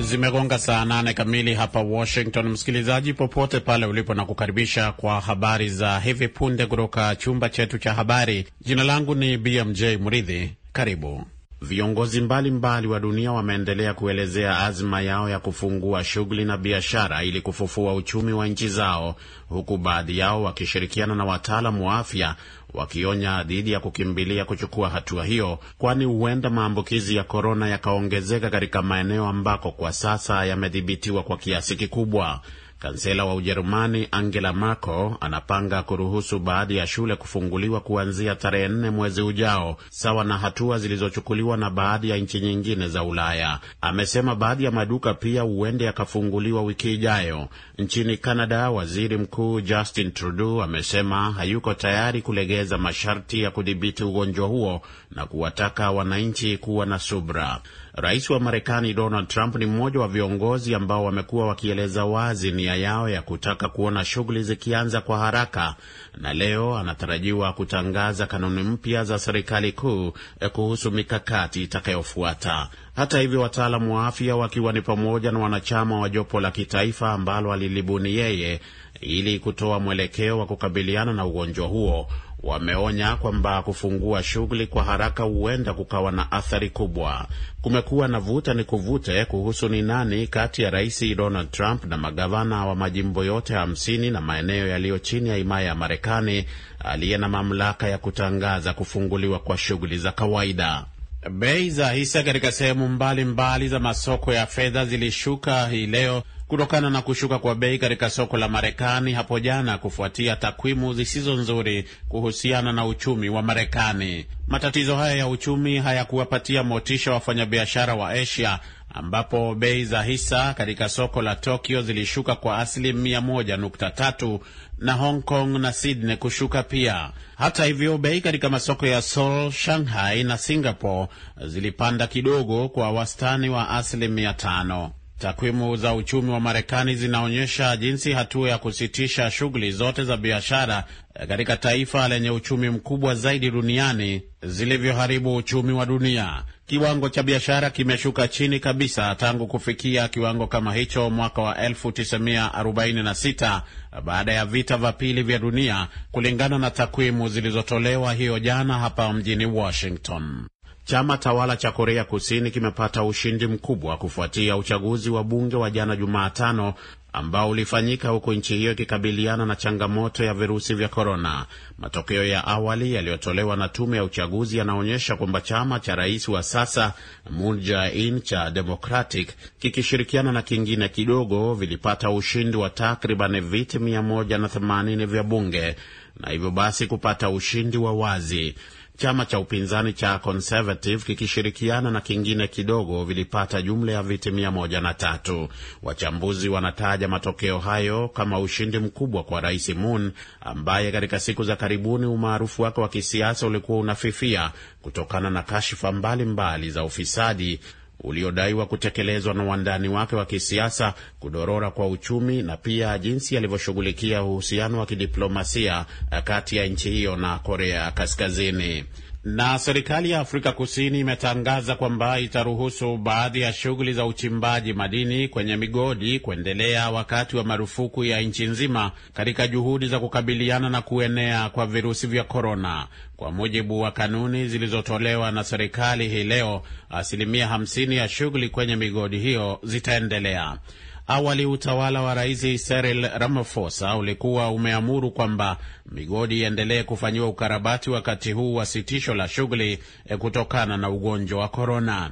Zimegonga saa nane kamili hapa Washington. Msikilizaji popote pale ulipo, na kukaribisha kwa habari za hivi punde kutoka chumba chetu cha habari. Jina langu ni BMJ mridhi karibu Viongozi mbalimbali mbali wa dunia wameendelea kuelezea azma yao ya kufungua shughuli na biashara ili kufufua uchumi wa nchi zao, huku baadhi yao wakishirikiana na wataalamu wa afya wakionya dhidi ya kukimbilia kuchukua hatua hiyo, kwani huenda maambukizi ya korona yakaongezeka katika maeneo ambako kwa sasa yamedhibitiwa kwa kiasi kikubwa. Kansela wa Ujerumani Angela Merkel anapanga kuruhusu baadhi ya shule kufunguliwa kuanzia tarehe nne mwezi ujao, sawa na hatua zilizochukuliwa na baadhi ya nchi nyingine za Ulaya. Amesema baadhi ya maduka pia huende yakafunguliwa wiki ijayo. Nchini Canada, waziri mkuu Justin Trudeau amesema hayuko tayari kulegeza masharti ya kudhibiti ugonjwa huo na kuwataka wananchi kuwa na subra. Rais wa Marekani Donald Trump ni mmoja wa viongozi ambao wamekuwa wakieleza wazi nia yao ya kutaka kuona shughuli zikianza kwa haraka, na leo anatarajiwa kutangaza kanuni mpya za serikali kuu eh, kuhusu mikakati itakayofuata. Hata hivyo, wataalamu wa afya wakiwa ni pamoja na wanachama wa jopo la kitaifa ambalo alilibuni yeye ili kutoa mwelekeo wa kukabiliana na ugonjwa huo wameonya kwamba kufungua shughuli kwa haraka huenda kukawa na athari kubwa. Kumekuwa na vuta ni kuvute kuhusu ni nani kati ya Rais Donald Trump na magavana wa majimbo yote hamsini na maeneo yaliyo chini ya himaya ya Marekani aliye na mamlaka ya kutangaza kufunguliwa kwa shughuli za kawaida. Bei za hisa katika sehemu mbalimbali za masoko ya fedha zilishuka hii leo kutokana na kushuka kwa bei katika soko la Marekani hapo jana kufuatia takwimu zisizo nzuri kuhusiana na uchumi wa Marekani. Matatizo haya ya uchumi hayakuwapatia motisha wafanyabiashara wa Asia ambapo bei za hisa katika soko la Tokyo zilishuka kwa asilimia 1.3 na Hong Kong na Sydney kushuka pia. Hata hivyo, bei katika masoko ya Seoul, Shanghai na Singapore zilipanda kidogo kwa wastani wa asilimia tano. Takwimu za uchumi wa Marekani zinaonyesha jinsi hatua ya kusitisha shughuli zote za biashara katika taifa lenye uchumi mkubwa zaidi duniani zilivyoharibu uchumi wa dunia. Kiwango cha biashara kimeshuka chini kabisa tangu kufikia kiwango kama hicho mwaka wa 1946 baada ya vita vya pili vya dunia, kulingana na takwimu zilizotolewa hiyo jana hapa mjini Washington. Chama tawala cha Korea Kusini kimepata ushindi mkubwa kufuatia uchaguzi wa bunge wa jana Jumatano ambao ulifanyika huku nchi hiyo ikikabiliana na changamoto ya virusi vya korona. Matokeo ya awali yaliyotolewa na tume ya uchaguzi yanaonyesha kwamba chama cha rais wa sasa Moon Jae-in cha Democratic kikishirikiana na kingine kidogo vilipata ushindi wa takriban viti 180 vya bunge na hivyo basi kupata ushindi wa wazi. Chama cha upinzani cha Conservative kikishirikiana na kingine kidogo vilipata jumla ya viti mia moja na tatu. Wachambuzi wanataja matokeo hayo kama ushindi mkubwa kwa Rais Moon ambaye katika siku za karibuni umaarufu wake wa kisiasa ulikuwa unafifia kutokana na kashfa mbalimbali za ufisadi uliodaiwa kutekelezwa na wandani wake wa kisiasa, kudorora kwa uchumi na pia jinsi alivyoshughulikia uhusiano wa kidiplomasia kati ya nchi hiyo na Korea Kaskazini. Na serikali ya Afrika Kusini imetangaza kwamba itaruhusu baadhi ya shughuli za uchimbaji madini kwenye migodi kuendelea wakati wa marufuku ya nchi nzima katika juhudi za kukabiliana na kuenea kwa virusi vya korona. Kwa mujibu wa kanuni zilizotolewa na serikali hii leo, asilimia 50 ya shughuli kwenye migodi hiyo zitaendelea. Awali utawala wa Rais Cyril Ramaphosa ulikuwa umeamuru kwamba migodi iendelee kufanyiwa ukarabati wakati huu wa sitisho la shughuli e, kutokana na ugonjwa wa korona.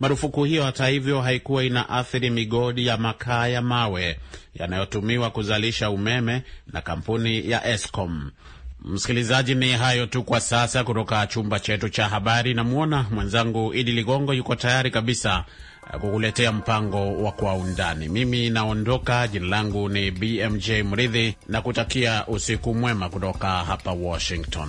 Marufuku hiyo hata hivyo haikuwa inaathiri migodi ya makaa ya mawe yanayotumiwa kuzalisha umeme na kampuni ya Eskom. Msikilizaji, ni hayo tu kwa sasa kutoka chumba chetu cha habari. Namwona mwenzangu Idi Ligongo yuko tayari kabisa Eh, kukuletea mpango wa kwa undani. Mimi naondoka, jina langu ni BMJ Mridhi, na kutakia usiku mwema kutoka hapa Washington.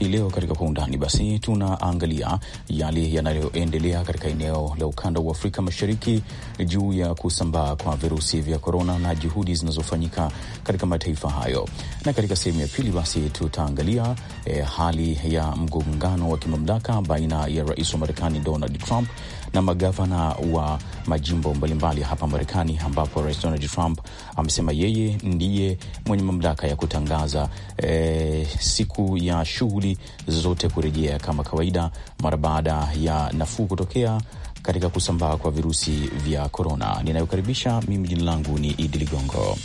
Hii leo katika kwa undani, basi tunaangalia yale yanayoendelea katika eneo la ukanda wa Afrika Mashariki juu ya kusambaa kwa virusi vya korona na juhudi zinazofanyika katika mataifa hayo, na katika sehemu ya pili, basi tutaangalia e, hali ya mgongano wa kimamlaka baina ya rais wa Marekani Donald Trump na magavana wa majimbo mbalimbali hapa Marekani, ambapo rais Donald Trump amesema yeye ndiye mwenye mamlaka ya kutangaza e, siku ya shughuli shughuli zote kurejea kama kawaida mara baada ya nafuu kutokea katika kusambaa kwa virusi vya korona. Ninayokaribisha mimi, jina langu ni Idi Ligongo.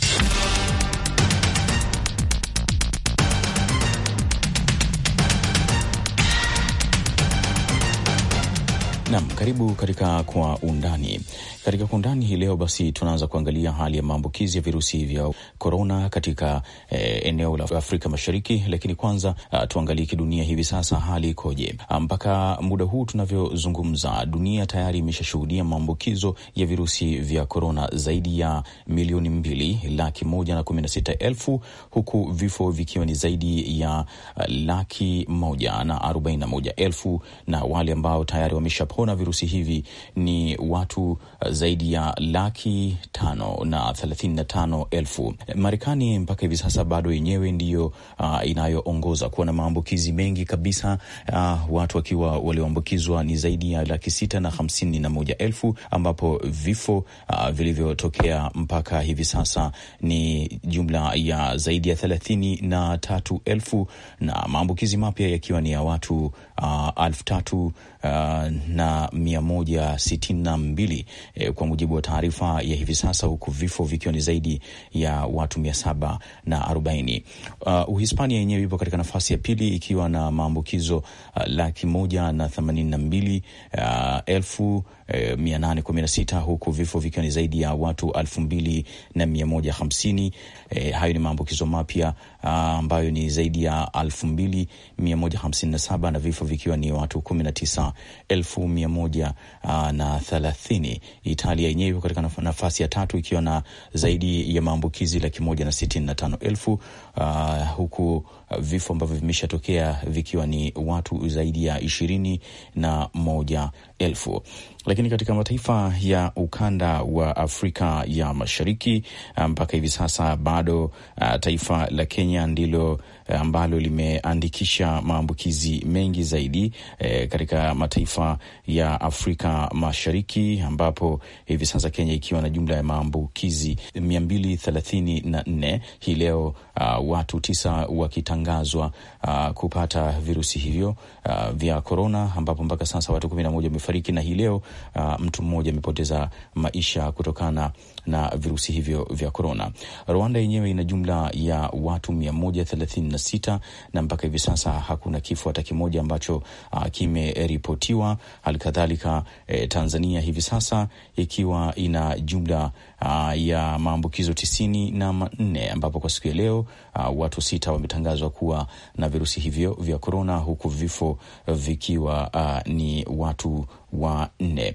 Nam, karibu katika kwa undani. Katika kwa undani hii leo basi, tunaanza kuangalia hali ya maambukizi ya virusi vya korona katika eh, eneo la Afrika Mashariki, lakini kwanza uh, tuangalie kidunia hivi sasa hali ikoje. Ah, mpaka muda huu tunavyozungumza, dunia tayari imeshashuhudia maambukizo ya virusi vya korona zaidi ya milioni mbili laki moja na kumi na sita elfu huku vifo vikiwa ni zaidi ya ah, laki moja na arobaini na moja elfu na wale ambao tayari wamesha waliopona virusi hivi ni watu uh, zaidi ya laki tano na thelathini na tano elfu. Marekani mpaka hivi sasa bado yenyewe ndiyo uh, inayoongoza kuwa na maambukizi mengi kabisa uh, watu wakiwa walioambukizwa ni zaidi ya laki sita na hamsini na moja elfu ambapo vifo uh, vilivyotokea mpaka hivi sasa ni jumla ya zaidi ya thelathini na tatu elfu na maambukizi mapya yakiwa ni ya watu uh, alfu tatu Uh, na mia moja sitini na mbili eh, kwa mujibu wa taarifa ya hivi sasa, huku vifo vikiwa ni zaidi ya watu mia saba na arobaini. Uh, Uhispania yenyewe ipo katika nafasi ya pili ikiwa na maambukizo uh, laki moja na themanini na mbili uh, elfu eh, 816 huku vifo vikiwa ni zaidi ya watu 2150. Eh, hayo ni maambukizo mapya ah, ambayo ni zaidi ya 2157 na vifo vikiwa ni watu 19130. Ah, Italia yenyewe katika nafasi ya tatu ikiwa na zaidi ya maambukizi laki moja na sitini na tano elfu uh, huku vifo ambavyo vimeshatokea vikiwa ni watu zaidi ya ishirini na moja elfu. Lakini katika mataifa ya ukanda wa Afrika ya Mashariki mpaka hivi sasa bado uh, taifa la Kenya ndilo Eh, ambalo limeandikisha maambukizi mengi zaidi e, katika mataifa ya Afrika Mashariki, ambapo hivi sasa Kenya ikiwa na jumla ya maambukizi mia mbili thelathini na nne hii leo, uh, watu tisa wakitangazwa uh, kupata virusi hivyo uh, vya korona, ambapo mpaka sasa watu kumi na moja wamefariki na hii leo uh, mtu mmoja amepoteza maisha kutokana na virusi hivyo vya korona. Rwanda yenyewe ina jumla ya watu mia moja thelathini na sita na mpaka hivi sasa hakuna kifo hata kimoja ambacho uh, kimeripotiwa. Halikadhalika eh, Tanzania hivi sasa ikiwa ina jumla Ah, ya maambukizo tisini na manne ambapo kwa siku ya leo uh, watu sita wametangazwa kuwa na virusi hivyo vya korona, huku vifo vikiwa uh, ni watu wa nne.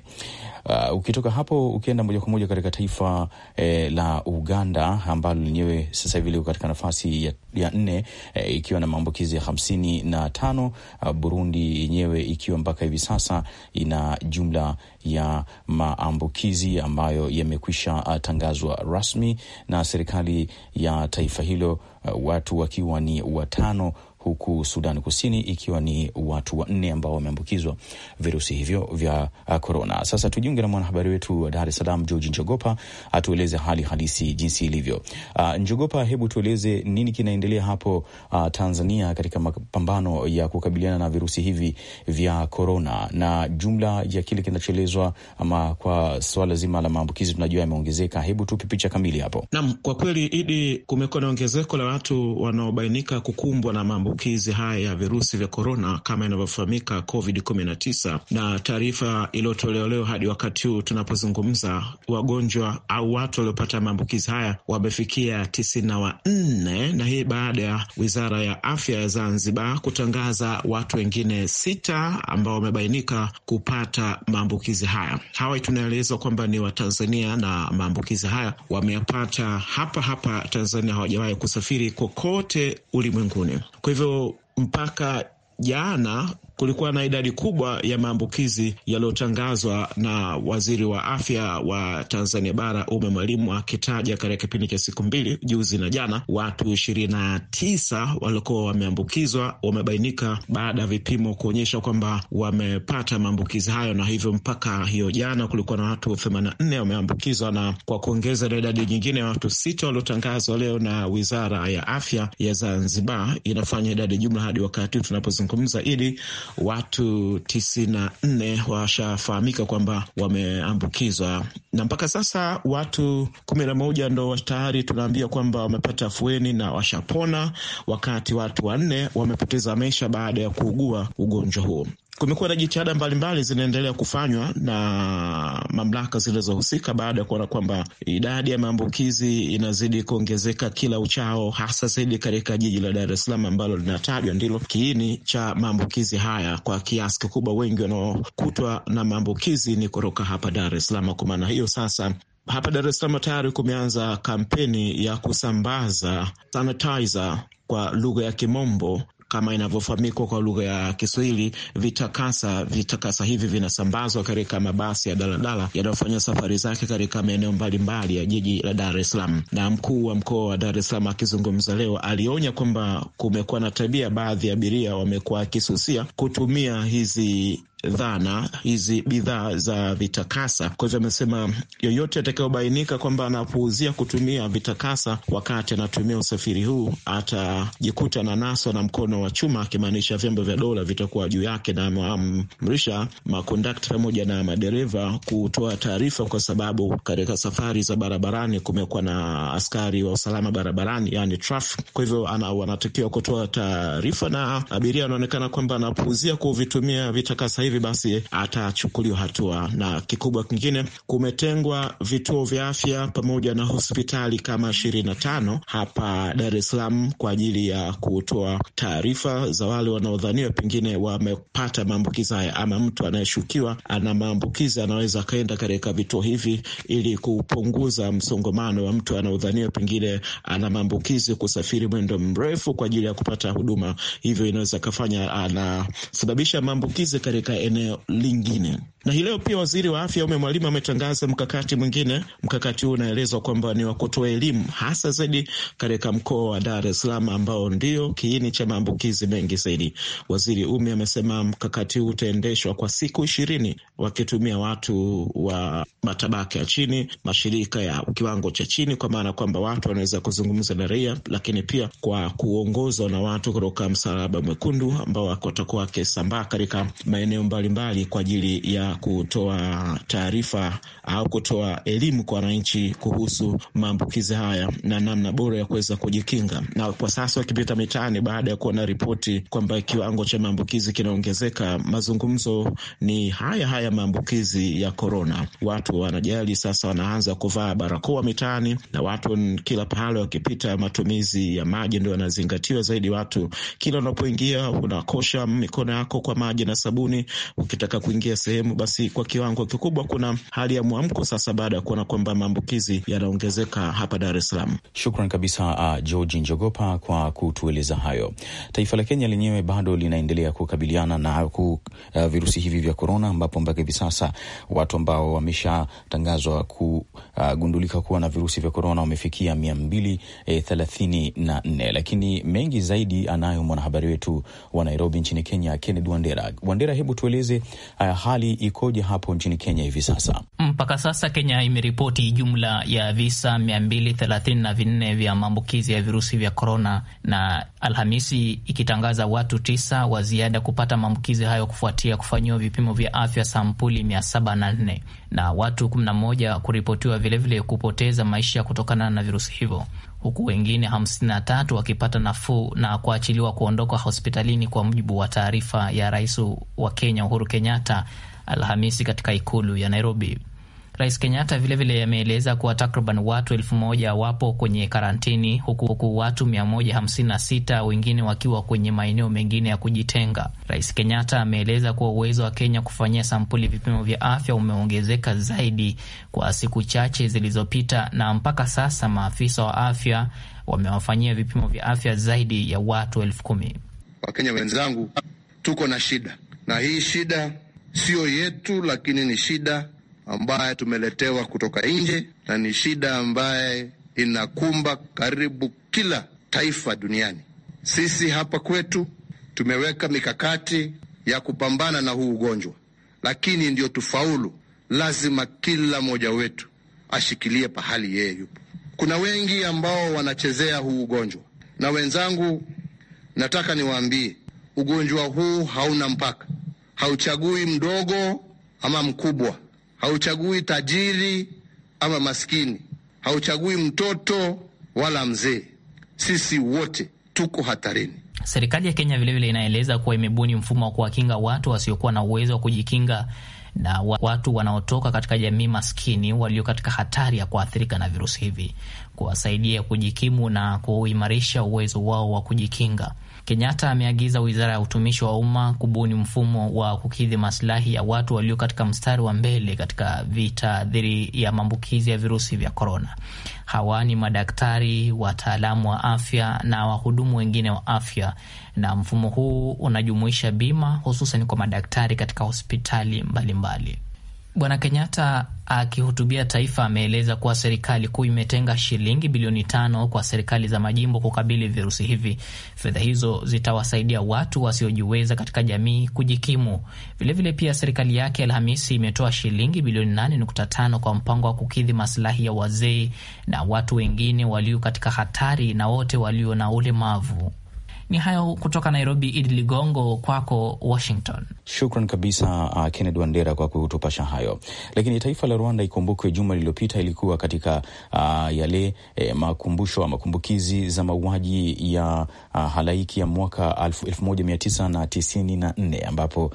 Uh, ukitoka hapo ukienda moja kwa moja katika taifa eh, la Uganda ambalo lenyewe sasa hivi liko katika nafasi ya, ya nne eh, ikiwa na maambukizi ya hamsini na tano. Uh, Burundi yenyewe ikiwa mpaka hivi sasa ina jumla ya maambukizi ambayo yamekwisha uh, tangazwa rasmi na serikali ya taifa hilo, uh, watu wakiwa ni watano huku Sudan Kusini ikiwa ni watu wanne ambao wameambukizwa virusi hivyo vya korona. Uh, Sasa tujiunge na mwanahabari wetu wa Dar es Salaam, George Njogopa, atueleze hali halisi jinsi ilivyo. Uh, Njogopa, hebu tueleze nini kinaendelea hapo uh, Tanzania katika mapambano ya kukabiliana na virusi hivi vya korona, na jumla ya kile kinachoelezwa ama kwa swala zima la maambukizi tunajua yameongezeka. Hebu tupe picha kamili hapo. Naam, kwa kweli Idi, kumekuwa na ongezeko la watu wanaobainika kukumbwa na mambo maambukizi haya ya virusi vya korona kama inavyofahamika COVID-19, na taarifa iliyotolewa leo hadi wakati huu tunapozungumza, wagonjwa au watu waliopata maambukizi haya wamefikia tisini na wanne, na hii baada ya wizara ya afya ya Zanzibar kutangaza watu wengine sita ambao wamebainika kupata maambukizi haya. Hawa tunaelezwa kwamba ni Watanzania na maambukizi haya wameyapata hapa hapa Tanzania, hawajawahi kusafiri kokote ulimwenguni. Kwa hivyo ambazo mpaka jana kulikuwa na idadi kubwa ya maambukizi yaliyotangazwa na waziri wa afya wa Tanzania bara Ume Mwalimu akitaja katika kipindi cha siku mbili juzi na jana, watu ishirini na tisa waliokuwa wameambukizwa wamebainika baada ya vipimo kuonyesha kwamba wamepata maambukizi hayo, na hivyo mpaka hiyo jana kulikuwa na watu themanini na nne wameambukizwa, na kwa kuongeza na idadi nyingine ya watu sita waliotangazwa leo na wizara ya afya ya Zanzibar, inafanya idadi jumla hadi wakati tunapozungumza ili watu tisini na nne washafahamika kwamba wameambukizwa na mpaka sasa watu kumi na moja ndo tayari tunaambia kwamba wamepata afueni na washapona, wakati watu wanne wamepoteza maisha baada ya kuugua ugonjwa huo. Kumekuwa na jitihada mbalimbali zinaendelea kufanywa na mamlaka zilizohusika baada ya kuona kwamba idadi ya maambukizi inazidi kuongezeka kila uchao, hasa zaidi katika jiji la Dar es Salaam ambalo linatajwa ndilo kiini cha maambukizi haya. Kwa kiasi kikubwa, wengi wanaokutwa na maambukizi ni kutoka hapa Dar es Salaam. Kwa maana hiyo sasa hapa Dar es Salaam tayari kumeanza kampeni ya kusambaza sanitizer kwa lugha ya Kimombo kama inavyofahamikwa kwa lugha ya Kiswahili, vitakasa. Vitakasa hivi vinasambazwa katika mabasi ya daladala yanayofanya safari zake katika maeneo mbalimbali ya jiji la Dar es Salaam. Na mkuu wa mkoa wa Dar es Salaam akizungumza leo alionya kwamba kumekuwa na tabia, baadhi ya abiria wamekuwa wakisusia kutumia hizi dhana hizi bidhaa za vitakasa. Kwa hivyo amesema yoyote atakayobainika kwamba anapuuzia kutumia vitakasa wakati anatumia usafiri huu atajikuta na naswa na mkono wa chuma, akimaanisha vyombo vya dola vitakuwa juu yake, na ameamrisha makondakta pamoja na madereva kutoa taarifa, kwa sababu katika safari za barabarani kumekuwa na askari wa usalama barabarani, yani traffic. Kwa hivyo wanatakiwa kutoa taarifa, na abiria anaonekana kwamba anapuuzia kuvitumia vitakasa hivi hivi basi atachukuliwa hatua. Na kikubwa kingine, kumetengwa vituo vya afya pamoja na hospitali kama ishirini na tano hapa Dar es Salaam kwa ajili ya kutoa taarifa za wale wanaodhaniwa pengine wamepata maambukizi haya, ama mtu anayeshukiwa ana maambukizi anaweza akaenda katika vituo hivi ili kupunguza msongamano wa mtu anaodhaniwa pengine ana maambukizi kusafiri mwendo mrefu kwa ajili ya kupata huduma, hivyo inaweza kafanya anasababisha maambukizi katika eneo lingine. Na hii leo pia waziri wa afya Ume Mwalimu ametangaza mkakati mwingine. Mkakati huu unaelezwa kwamba ni wa kutoa elimu hasa zaidi katika mkoa wa Dar es Salaam ambao ndio kiini cha maambukizi mengi zaidi. Waziri ume amesema mkakati huu utaendeshwa kwa siku ishirini wakitumia watu wa matabaka ya chini, mashirika ya kiwango cha chini, kwa maana kwamba watu wanaweza kuzungumza na raia, lakini pia kwa kuongozwa na watu kutoka Msalaba Mwekundu ambao watakuwa wakisambaa katika maeneo mbalimbali kwa ajili ya kutoa taarifa au kutoa elimu kwa wananchi kuhusu maambukizi haya na namna bora ya kuweza kujikinga. Na kwa sasa wakipita mitaani, baada ya kuona ripoti kwamba kiwango cha maambukizi kinaongezeka, mazungumzo ni haya haya maambukizi ya korona. Watu wanajali sasa, wanaanza kuvaa barakoa mitaani na watu kila pahali wakipita, matumizi ya maji ndio yanazingatiwa zaidi. Watu kila unapoingia unakosha mikono yako kwa maji na sabuni, ukitaka kuingia sehemu basi kwa kiwango kikubwa kuna hali ya mwamko sasa baada ya kuona kwamba maambukizi yanaongezeka hapa Dar es Salaam. Shukran kabisa uh, George Njogopa kwa kutueleza hayo. Taifa la Kenya lenyewe bado linaendelea kukabiliana na ku, uh, virusi hivi vya korona, ambapo mpaka hivi sasa watu ambao wameshatangazwa kugundulika uh, kuwa na virusi vya korona wamefikia mia mbili eh, thelathini na nne, lakini mengi zaidi anayo mwanahabari wetu wa Nairobi nchini Kenya, Kennedy Wandera. Wandera, hebu tueleze uh, hali ikoje hapo nchini Kenya hivi sasa? Mpaka sasa Kenya imeripoti jumla ya visa mia mbili thelathini na vinne vya maambukizi ya virusi vya korona, na Alhamisi ikitangaza watu tisa wa ziada kupata maambukizi hayo kufuatia kufanyiwa vipimo vya afya sampuli mia saba na nne na watu kumi na moja kuripotiwa vilevile kupoteza maisha kutokana na virusi hivyo huku wengine 53 wakipata nafuu na kuachiliwa kuondoka hospitalini, kwa mujibu wa taarifa ya rais wa Kenya Uhuru Kenyatta Alhamisi katika ikulu ya Nairobi. Rais Kenyatta vilevile ameeleza kuwa takriban watu elfu moja wapo kwenye karantini huku watu 156 wengine wakiwa kwenye maeneo mengine ya kujitenga. Rais Kenyatta ameeleza kuwa uwezo wa Kenya kufanyia sampuli vipimo vya afya umeongezeka zaidi kwa siku chache zilizopita, na mpaka sasa maafisa wa afya wamewafanyia vipimo vya afya zaidi ya watu elfu kumi. Wakenya wenzangu, tuko na shida na hii shida siyo yetu, lakini ni shida ambaye tumeletewa kutoka nje na ni shida ambaye inakumba karibu kila taifa duniani. Sisi hapa kwetu tumeweka mikakati ya kupambana na huu ugonjwa, lakini ndiyo tufaulu, lazima kila mmoja wetu ashikilie pahali yeye yupo. Kuna wengi ambao wanachezea huu ugonjwa, na wenzangu, nataka niwaambie ugonjwa huu hauna mpaka hauchagui mdogo ama mkubwa, hauchagui tajiri ama maskini, hauchagui mtoto wala mzee. Sisi wote tuko hatarini. Serikali ya Kenya vilevile inaeleza kuwa imebuni mfumo wa kuwakinga watu wasiokuwa na uwezo wa kujikinga na watu wanaotoka katika jamii maskini walio katika hatari ya kuathirika na virusi hivi, kuwasaidia kujikimu na kuimarisha uwezo wao wa kujikinga. Kenyatta ameagiza wizara ya utumishi wa umma kubuni mfumo wa kukidhi masilahi ya watu walio katika mstari wa mbele katika vita dhidi ya maambukizi ya virusi vya korona. Hawa ni madaktari, wataalamu wa afya na wahudumu wengine wa afya, na mfumo huu unajumuisha bima hususan kwa madaktari katika hospitali mbalimbali mbali. Bwana Kenyatta akihutubia taifa ameeleza kuwa serikali kuu imetenga shilingi bilioni tano kwa serikali za majimbo kukabili virusi hivi. Fedha hizo zitawasaidia watu wasiojiweza katika jamii kujikimu. Vilevile vile pia serikali yake Alhamisi imetoa shilingi bilioni nane nukta tano kwa mpango wa kukidhi masilahi ya wazee na watu wengine walio katika hatari na wote walio na ulemavu. Ni hayo kutoka Nairobi, Idi Ligongo, kwako Washington. Shukran kabisa uh, Kennedy Wandera kwa kutupasha hayo. Lakini taifa la Rwanda, ikumbukwe, juma lililopita ilikuwa katika uh, yale eh, makumbusho makumbukizi za mauaji ya uh, halaiki ya mwaka 1994 ambapo uh,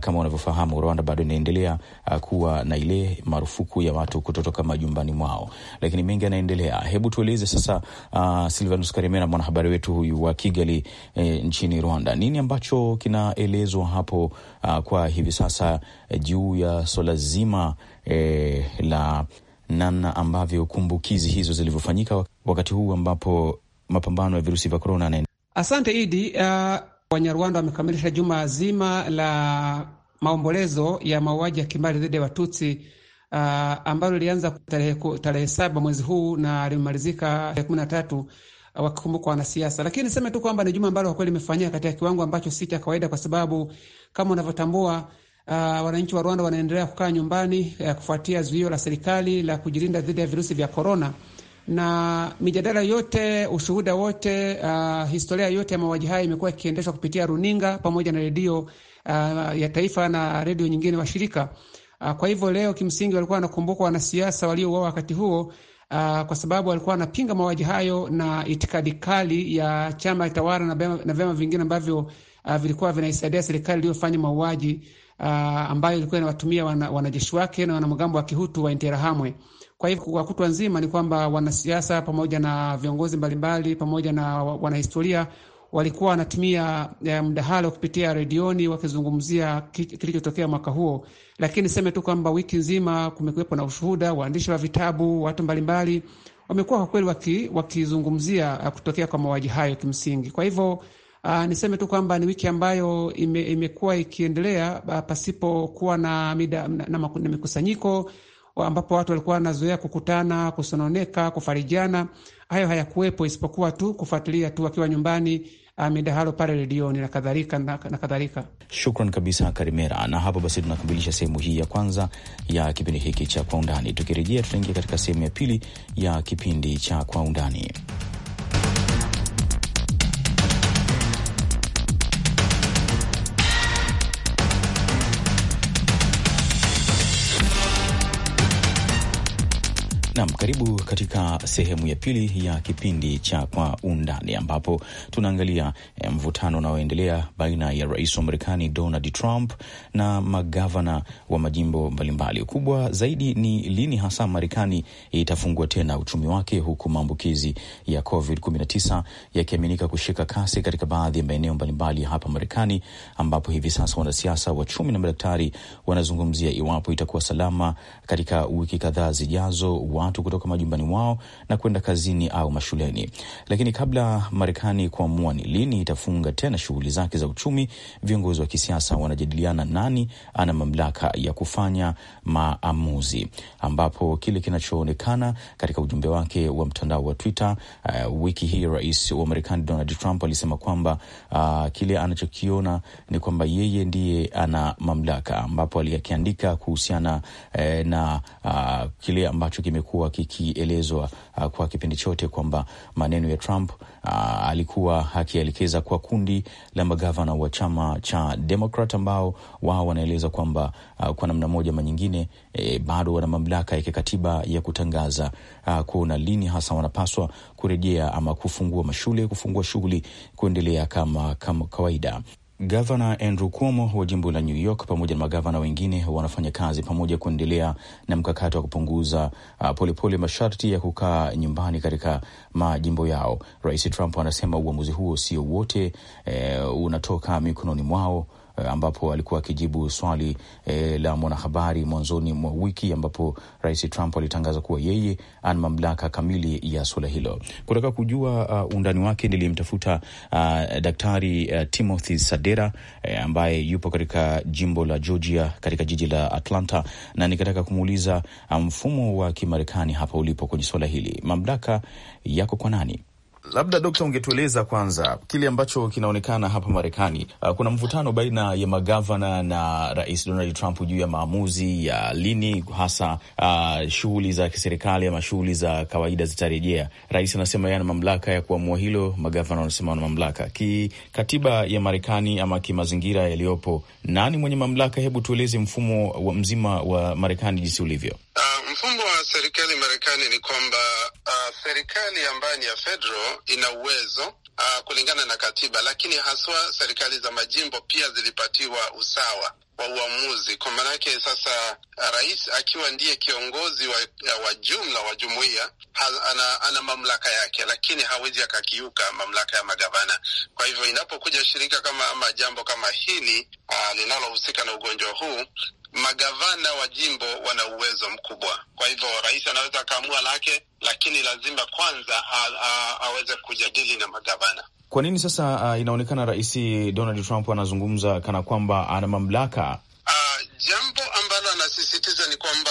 kama unavyofahamu Rwanda bado inaendelea uh, kuwa na ile marufuku ya watu kutotoka majumbani mwao, lakini mengi yanaendelea. Hebu tueleze sasa, uh, Silvanus Karimera, mwanahabari wetu huyu wa Kigali, e, nchini Rwanda. Nini ambacho kinaelezwa hapo a, ah, kwa hivi sasa e, juu ya swala zima e, la namna ambavyo kumbukizi hizo zilivyofanyika wakati huu ambapo mapambano ya virusi vya korona yanaendelea? Asante Idi. Uh, Wanyarwanda wamekamilisha juma zima la maombolezo ya mauaji ya kimbari dhidi ya Watutsi uh, ambalo lilianza tarehe saba mwezi huu na limemalizika tarehe kumi na tatu wakikumbukwa wanasiasa. Lakini niseme tu kwamba ni juma ambalo kwa kweli limefanyika katika kiwango ambacho si cha kawaida, kwa sababu kama unavyotambua Uh, wananchi wa Rwanda wanaendelea kukaa nyumbani uh, kufuatia zuio la serikali la kujilinda dhidi ya virusi vya korona, na mijadala yote, ushuhuda wote, uh, historia yote ya mauaji haya imekuwa ikiendeshwa kupitia runinga pamoja na redio uh, ya taifa na redio nyingine washirika. Uh, kwa hivyo leo kimsingi walikuwa wanakumbuka wanasiasa waliouawa wakati huo uh, kwa sababu alikuwa anapinga mauaji hayo na itikadi kali ya chama tawala na vyama vingine ambavyo uh, vilikuwa vinaisaidia serikali iliyofanya mauaji uh, ambayo ilikuwa inawatumia wana, wanajeshi wake na wanamgambo wa kihutu wa Interahamwe. Kwa hivyo kwa kutwa nzima ni kwamba wanasiasa pamoja na viongozi mbalimbali pamoja na wanahistoria walikuwa wanatumia eh, mdahalo kupitia redioni wakizungumzia kilichotokea mwaka huo, lakini niseme tu kwamba wiki nzima kumekuwepo na ushuhuda, waandishi wa vitabu, watu mbalimbali wamekuwa kwa kweli waki, wakizungumzia eh, kutokea kwa mauaji hayo kimsingi. Kwa hivyo uh, niseme tu kwamba ni wiki ambayo ime, imekuwa ikiendelea uh, pasipo kuwa na, mida, na, na, na mikusanyiko ambapo watu walikuwa wanazoea kukutana, kusononeka, kufarijana. Hayo hayakuwepo isipokuwa tu kufuatilia tu wakiwa nyumbani Ah, midahalo pale redioni na kadhalika na kadhalika. Shukran kabisa Karimera, na hapo basi tunakamilisha sehemu hii ya kwanza ya kipindi hiki cha Kwa Undani. Tukirejea tutaingia katika sehemu ya pili ya kipindi cha Kwa Undani. Naam, karibu katika sehemu ya pili ya kipindi cha Kwa Undani, ambapo tunaangalia eh, mvutano unaoendelea baina ya rais wa Marekani Donald Trump na magavana wa majimbo mbalimbali. Kubwa zaidi ni lini hasa Marekani itafungua tena uchumi wake, huku maambukizi ya COVID-19 yakiaminika kushika kasi katika baadhi ya maeneo mbalimbali hapa Marekani, ambapo hivi sasa wanasiasa, wachumi na madaktari wanazungumzia iwapo itakuwa salama katika wiki kadhaa zijazo watu kutoka majumbani mwao na kwenda kazini au mashuleni. Lakini kabla Marekani kuamua ni lini itafunga tena shughuli zake za uchumi, viongozi wa kisiasa wanajadiliana nani ana mamlaka ya kufanya maamuzi, ambapo kile kinachoonekana katika ujumbe wake wa mtandao wa Twitter uh, wiki hii rais wa Marekani Donald Trump alisema kwamba uh, kile anachokiona ni kwamba yeye ndiye ana mamlaka, ambapo alikiandika kuhusiana eh, na uh, kile ambacho kimekuwa kimekuwa kikielezwa uh, kwa kipindi chote kwamba maneno ya Trump uh, alikuwa akielekeza kwa kundi la magavana wa chama cha demokrat ambao wao wanaeleza kwamba uh, kwa namna moja manyingine nyingine eh, bado wana mamlaka ya kikatiba ya kutangaza uh, kuona lini hasa wanapaswa kurejea ama kufungua mashule, kufungua shughuli kuendelea kama, kama kawaida. Gavana Andrew Cuomo wa jimbo la New York pamoja na magavana wengine wanafanya kazi pamoja kuendelea na mkakati wa kupunguza uh, polepole uh, pole masharti ya kukaa nyumbani katika majimbo yao. Rais Trump anasema uamuzi huo sio wote, eh, unatoka mikononi mwao Eh, ambapo alikuwa akijibu swali e, la mwanahabari mwanzoni mwa wiki ambapo Rais Trump alitangaza kuwa yeye ana mamlaka kamili ya suala hilo. Kutaka kujua uh, undani wake nilimtafuta uh, Daktari uh, Timothy Sadera eh, ambaye yupo katika jimbo la Georgia katika jiji la Atlanta, na nikataka kumuuliza uh, mfumo um, wa Kimarekani hapa ulipo kwenye suala hili, mamlaka yako kwa nani? labda dokta, ungetueleza kwanza kile ambacho kinaonekana hapa Marekani. Uh, kuna mvutano baina ya magavana na Rais Donald Trump juu ya maamuzi ya lini hasa uh, shughuli za kiserikali ama shughuli za kawaida zitarejea. Rais anasema yana mamlaka ya kuamua hilo, magavana wanasema wana mamlaka. Kikatiba ya Marekani ama kimazingira yaliyopo, nani mwenye mamlaka? Hebu tueleze mfumo wa mzima wa Marekani jinsi ulivyo. Uh, mfumo wa serikali Marekani ni kwamba uh, serikali ambayo ni ya federal ina uwezo uh, kulingana na katiba, lakini haswa serikali za majimbo pia zilipatiwa usawa wa uamuzi. Kwa maanake sasa, rais akiwa ndiye kiongozi wa, wa jumla wa jumuiya ana, ana mamlaka yake, lakini hawezi akakiuka mamlaka ya magavana. Kwa hivyo inapokuja shirika kama ama jambo kama hili linalohusika na ugonjwa huu magavana wa jimbo wana uwezo mkubwa. Kwa hivyo rais anaweza akaamua lake, lakini lazima kwanza aweze kujadili na magavana. Kwa nini sasa uh, inaonekana rais Donald Trump anazungumza kana kwamba ana mamlaka? Uh, jambo ambalo anasisitiza ni kwamba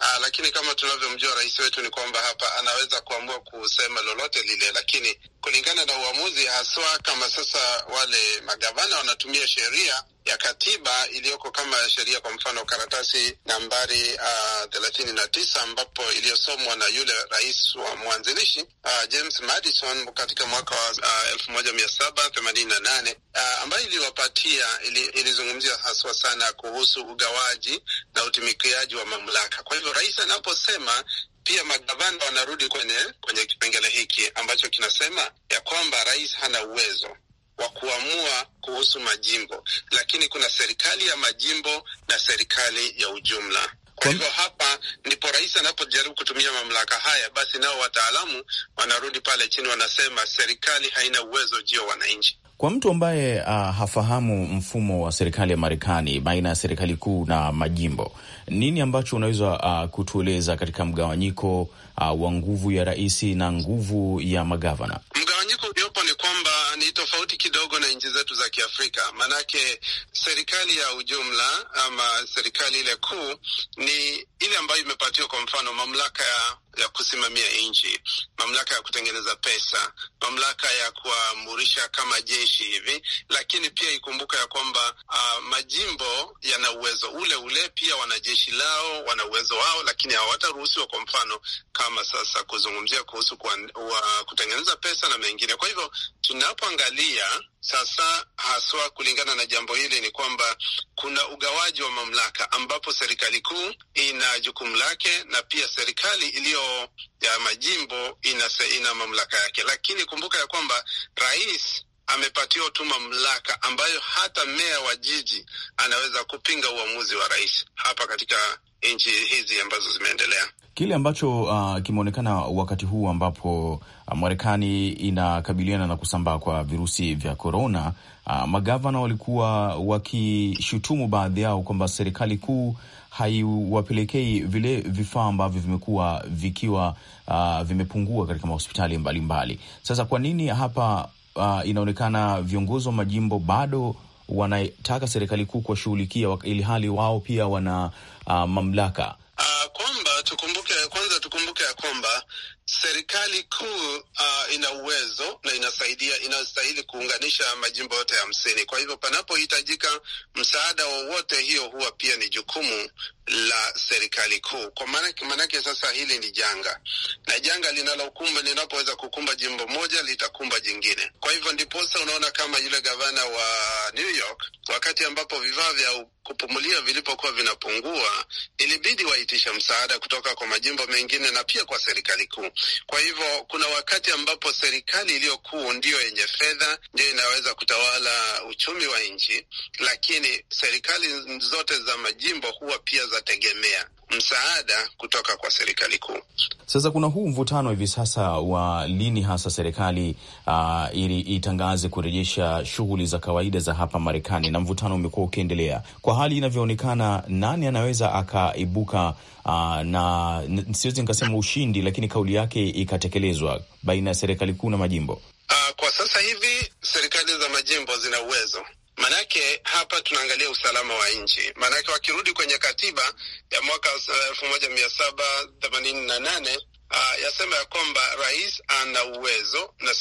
Aa, lakini kama tunavyomjua rais wetu ni kwamba hapa anaweza kuamua kusema lolote lile, lakini kulingana na uamuzi haswa, kama sasa wale magavana wanatumia sheria ya katiba iliyoko kama sheria, kwa mfano karatasi nambari uh, thelathini uh, na tisa ambapo iliyosomwa na yule rais wa mwanzilishi uh, James Madison katika mwaka wa uh, elfu moja mia saba themanini na nane uh, ambayo iliwapatia ili, ilizungumzia haswa sana kuhusu ugawaji na utumikiaji wa mamlaka. Kwa hivyo rais anaposema pia magavana wanarudi kwenye kwenye kipengele hiki ambacho kinasema ya kwamba rais hana uwezo wa kuamua kuhusu majimbo, lakini kuna serikali ya majimbo na serikali ya ujumla. Kwa hivyo hapa ndipo rais anapojaribu kutumia mamlaka haya, basi nao wataalamu wanarudi pale chini, wanasema serikali haina uwezo juu ya wananchi. Kwa mtu ambaye uh, hafahamu mfumo wa serikali ya Marekani baina ya serikali kuu na majimbo, nini ambacho unaweza uh, kutueleza katika mgawanyiko uh, wa nguvu ya rais na nguvu ya magavana? Mgawanyiko uliopo ni kwamba ni tofauti kidogo na nchi zetu za Kiafrika, maanake serikali ya ujumla ama serikali ile kuu ni ile ambayo imepatiwa kwa mfano mamlaka ya ya kusimamia nchi, mamlaka ya kutengeneza pesa, mamlaka ya kuamurisha kama jeshi hivi. Lakini pia ikumbuka ya kwamba uh, majimbo yana uwezo ule ule, pia wana jeshi lao wana uwezo wao, lakini hawataruhusiwa kwa mfano kama sasa kuzungumzia kuhusu kwa, wa, kutengeneza pesa na mengine. Kwa hivyo tunapoangalia sasa haswa kulingana na jambo hili ni kwamba kuna ugawaji wa mamlaka ambapo serikali kuu ina jukumu lake na pia serikali iliyo ya majimbo ina, ina mamlaka yake, lakini kumbuka ya kwamba rais amepatiwa tu mamlaka ambayo hata meya wa jiji anaweza kupinga uamuzi wa rais hapa katika nchi hizi ambazo zimeendelea. Kile ambacho uh, kimeonekana wakati huu ambapo Marekani inakabiliana na kusambaa kwa virusi vya korona, ah, magavana walikuwa wakishutumu baadhi yao kwamba serikali kuu haiwapelekei vile vifaa ambavyo vimekuwa vikiwa uh, vimepungua katika mahospitali mbalimbali. Sasa kwa nini hapa uh, inaonekana viongozi wa majimbo bado wanataka serikali kuu kuwashughulikia ili hali wao pia wana uh, mamlaka serikali kuu uh, ina uwezo na inasaidia, inastahili kuunganisha majimbo yote hamsini. Kwa hivyo panapohitajika msaada wowote, hiyo huwa pia ni jukumu la serikali kuu, kwa maanake sasa hili ni janga, na janga linalokumba linapoweza kukumba jimbo moja litakumba jingine. Kwa hivyo ndiposa unaona kama yule gavana wa New York wakati ambapo vifaa vya kupumulia vilipokuwa vinapungua, ilibidi waitisha msaada kutoka kwa majimbo mengine na pia kwa serikali kuu. Kwa hivyo kuna wakati ambapo serikali iliyo kuu ndiyo yenye fedha, ndiyo inaweza kutawala uchumi wa nchi, lakini serikali zote za majimbo huwa pia zategemea msaada kutoka kwa serikali kuu. Sasa kuna huu mvutano hivi sasa wa lini hasa serikali uh, ili itangaze kurejesha shughuli za kawaida za hapa Marekani, na mvutano umekuwa ukiendelea. Kwa hali inavyoonekana, nani anaweza akaibuka uh, na siwezi nikasema ushindi, lakini kauli yake ikatekelezwa baina ya serikali kuu na majimbo? Uh, kwa sasa hivi serikali za majimbo zina uwezo Manake hapa tunaangalia usalama wa nchi, manake wakirudi kwenye katiba ya mwaka eh, elfu moja mia saba themanini na nane Uh, yasema ya kwamba rais ana uwezo na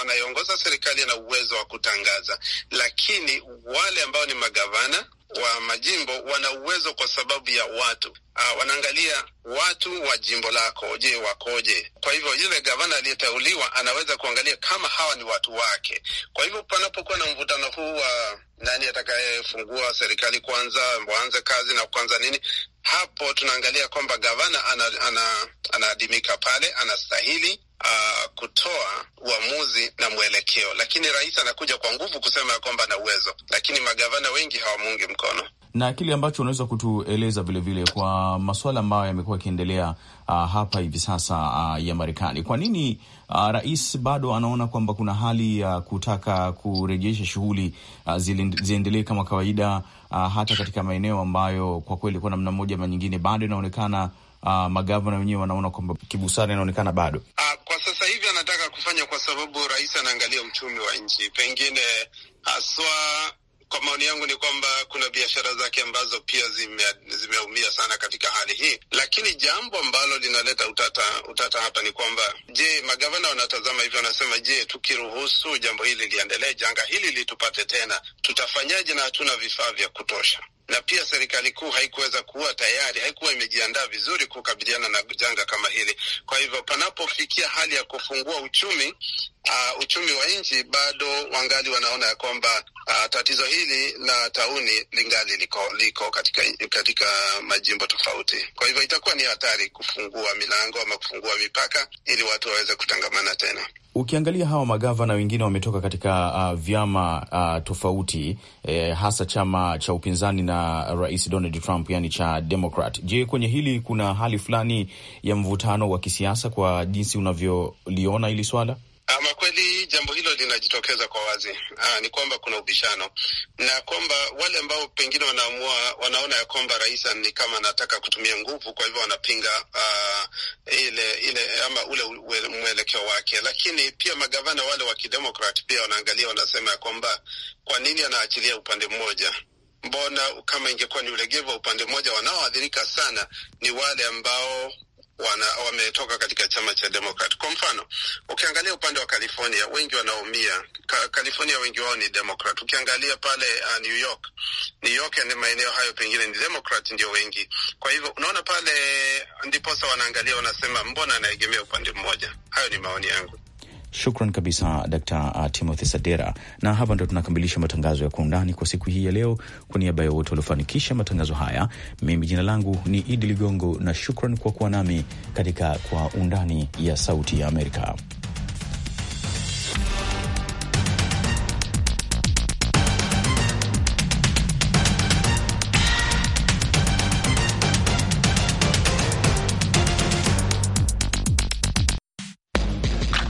anayeongoza serikali ana uwezo wa kutangaza, lakini wale ambao ni magavana wa majimbo wana uwezo kwa sababu ya watu. Uh, wanaangalia watu wa jimbo lako, je, wakoje? Kwa hivyo yule gavana aliyeteuliwa anaweza kuangalia kama hawa ni watu wake. Kwa hivyo panapokuwa na mvutano huu wa uh, nani atakayefungua serikali kwanza, waanze kazi na kwanza nini, hapo tunaangalia kwamba gavana anaadimika ana, ana pale anastahili uh, kutoa uamuzi na mwelekeo, lakini rais anakuja kwa nguvu kusema ya kwamba na uwezo, lakini magavana wengi hawamuungi mkono. Na kile ambacho unaweza kutueleza vilevile kwa masuala ambayo yamekuwa yakiendelea uh, hapa hivi sasa uh, ya Marekani, kwa nini uh, rais bado anaona kwamba kuna hali ya uh, kutaka kurejesha shughuli uh, ziendelee kama kawaida uh, hata katika maeneo ambayo kwa kweli kwa namna moja ama nyingine bado inaonekana uh, magavana wenyewe wanaona kwamba kibusara inaonekana bado uh, kwa sasa hivi anataka kufanya kwa sababu rais anaangalia uchumi wa nchi, pengine haswa kwa maoni yangu ni kwamba kuna biashara zake ambazo pia zimeumia zime sana katika hali hii, lakini jambo ambalo linaleta utata utata hapa ni kwamba je, magavana wanatazama hivyo, wanasema je, tukiruhusu jambo hili liendelee, janga hili litupate tena, tutafanyaje? Na hatuna vifaa vya kutosha na pia serikali kuu haikuweza kuwa tayari, haikuwa imejiandaa vizuri kukabiliana na janga kama hili. Kwa hivyo panapofikia hali ya kufungua uchumi uh, uchumi wa nchi, bado wangali wanaona ya kwamba uh, tatizo hili la tauni lingali liko, liko katika, katika majimbo tofauti. Kwa hivyo itakuwa ni hatari kufungua milango ama kufungua mipaka ili watu waweze kutangamana tena. Ukiangalia hawa magavana wengine wametoka katika uh, vyama uh, tofauti e, hasa chama cha upinzani na Rais Donald Trump, yani cha demokrat Je, kwenye hili kuna hali fulani ya mvutano wa kisiasa kwa jinsi unavyoliona hili swala? Ama ah, kweli jambo hilo linajitokeza kwa wazi. Aa, ah, ni kwamba kuna ubishano na kwamba wale ambao pengine wanaamua wanaona ya kwamba rais ni kama anataka kutumia nguvu, kwa hivyo wanapinga aa, ah, ile ile ama ule mwelekeo wake, lakini pia magavana wale wa kidemokrat pia wanaangalia, wanasema ya kwamba kwa nini anaachilia upande mmoja? Mbona kama ingekuwa ni ulegevu wa upande mmoja, wanaoathirika sana ni wale ambao wana, wametoka katika chama cha Demokrat. Kwa mfano, ukiangalia upande wa California wengi wanaumia. Ka, California wengi wao ni Demokrat. Ukiangalia pale uh, New York, New York ni maeneo hayo pengine ni Demokrat ndio wengi. Kwa hivyo unaona pale ndiposa wanaangalia wanasema, mbona anaegemea upande mmoja. Hayo ni maoni yangu. Shukran kabisa Dkt. Timothy Sadera, na hapa ndo tunakamilisha matangazo ya Kwa Undani kwa siku hii ya leo. Kwa niaba ya wote waliofanikisha matangazo haya, mimi jina langu ni Idi Ligongo na shukran kwa kuwa nami katika Kwa Undani ya Sauti ya Amerika.